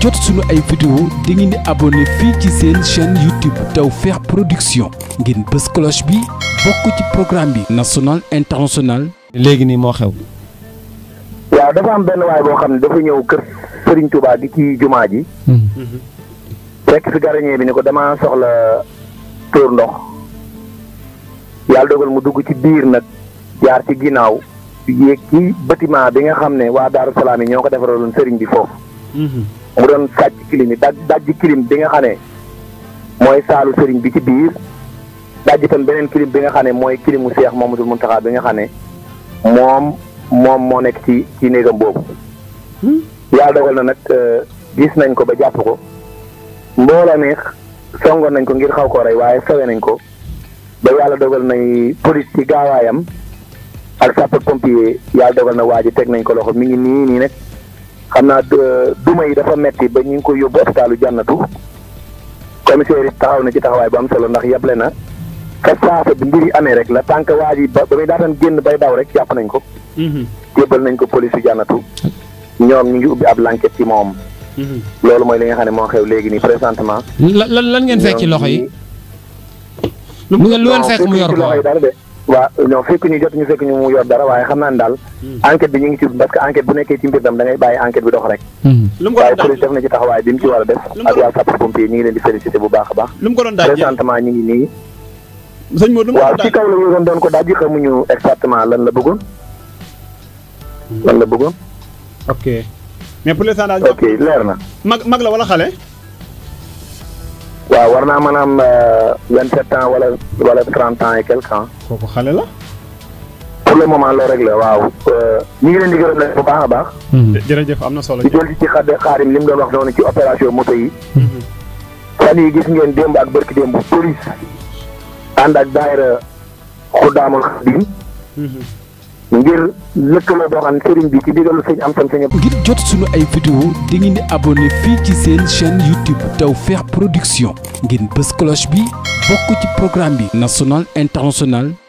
jot suñu ay vidéo da ngeen di abonné fii ci seen chaîne YouTube Tawfekh Production ngeen bës cloche bi bokk ci programme bi national international léegi nii moo xew waaw dafa am benn waay boo xam ne dafa ñëw kër Serigne Touba gi ci jumaa ji hmm. fekk fi garañee bi ni ko dama soxla tóor ndox yàlla dogal mu dugg ci biir nag jaar ci ginnaaw yéeg ci bâtiment bi nga xam ne waa Daaru Salaam yi ñoo ko defaraloon sëriñ bi foofu hmm. mu doon sàcc kilim yi daj dajji kilim bi nga xam ne mooy saalu sëriñ bi ci biir dajji itam beneen kilim bi nga xam ne mooy kilimu seex Mamadou Mountakha bi nga xam ne moom moom moo nekk ci ci néegam boobu. yàlla dogal na nag euh, gis nañ ko ba jàpp ko mbooloo neex songoon nañ ko ngir xaw ko rey waaye sawe nañ ko ba yàlla dogal nay police ci gaawaayam ak sapeur pompier yàlla dogal na waa ji teg nañ ko loxo mi ngi nii nii nag. xam naa duma yi dafa metti ba ñu ngi ko yóbbu hôpitalu jànnatu commissaire yi taxaw na ci taxawaay bu am solo ndax yable na ka saasa bi mbir amee rek la tànk waa ji ba ba muy daataan génn bay daw rek jàpp nañ ko mhm. jébbal nañ ko police yu jànnatu ñoom ñu ngi ubbi ab lanket ci moom mhm. loolu mooy li nga xam ne moo xew léegi nii présentement lan lan ngeen fekk ci loxo yi lu ngeen fekk mu yor ko waaw non fekk ñu jot ñu fekk ñu mu yor dara waaye xam naa ne daal. Hmm. enquête bi ñu ngi ci parce que enquête bu nekkee ci mbir dam da ngay bàyyi enquête bi dox rek. Hmm. lu mu ko doon daaj def na a def. ñu ngi leen di félicité bu baax a baax. lu mu ko doon daaj présentement ñu ngi nii. sëñ Modou lu mu ko doon daaj waaw ci kaw la ñu doon ko daaj xamuñu exactement lan la bëggoon. Hmm. lan la bëggoon. ok mais pour l'instant daal. ok leer na. mag mag la wala xale. waaw war naa mën a am euh, vingt sept ans wala wala trente ans yi quelque ans. kooku xale la. pour le moment loolu rek la waaw. Euh, ñu ngi leen di gërëm nag bu baax a baax. Hmm. jërëjëf am na solo. di jël ci xaar xaarim li mu doon wax noonu ci opération moto yi. Hmm. fan yi gis ngeen démb ak bërki démb police ànd ak daayira xuddaamul xadim hmm. ngir lëkkaloo boo xam ne sëriñ bi ci digalu sëñ am jot suñu ay vidéo di ngeen di abonné fii ci seen chaîne YouTube Tawfekh Production ngeen bës cloche bi bokk ci programme bi national international